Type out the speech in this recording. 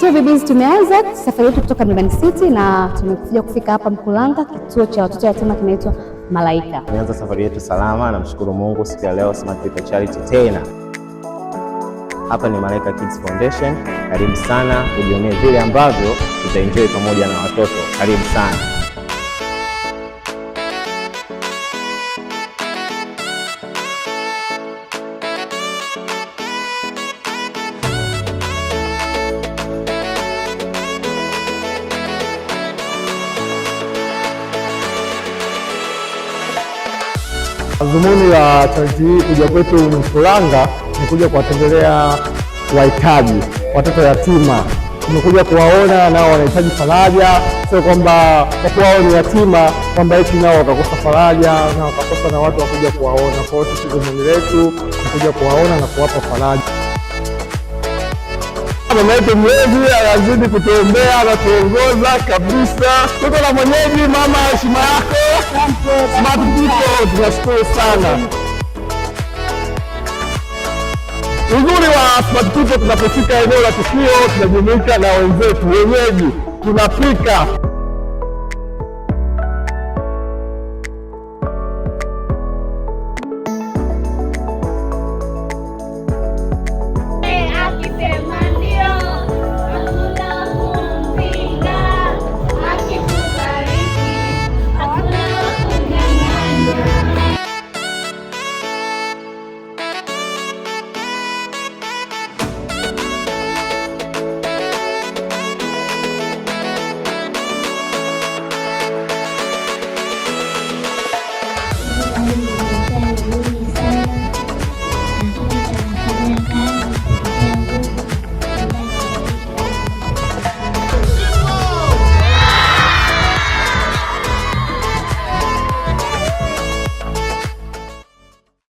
So VBS, tumeanza safari yetu kutoka Mlimani City na tumekuja kufika hapa Mkulanga, kituo cha watoto yatima kinaitwa Malaika. Tumeanza safari yetu salama, namshukuru Mungu siku ya leo Smart People Charity tena hapa ni Malaika Kids Foundation. Karibu sana, ujionee vile ambavyo tutaenjoy pamoja na watoto. Karibu sana. Dhumuni la chanzi hii kuja kwetu Mkuranga ni kuja kuwatembelea wahitaji, watoto yatima. Tumekuja kuwaona nao wanahitaji faraja, sio kwamba kwa kuwa wao ni yatima kwamba eti nao wakakosa faraja na wakakosa na watu wakuja kuwaona. Kwa hiyo sisi dhumuni letu ni kuja kuwaona na kuwapa faraja. Mama yetu mlezi anazidi kutuombea, anatuongoza kabisa. Tuko na mwenyeji mama, heshima yako Smart People, tunashukuru sana. Uzuri wa Smart People, tunapofika eneo la tukio tunajumuika na wenzetu wenyeji, tunapika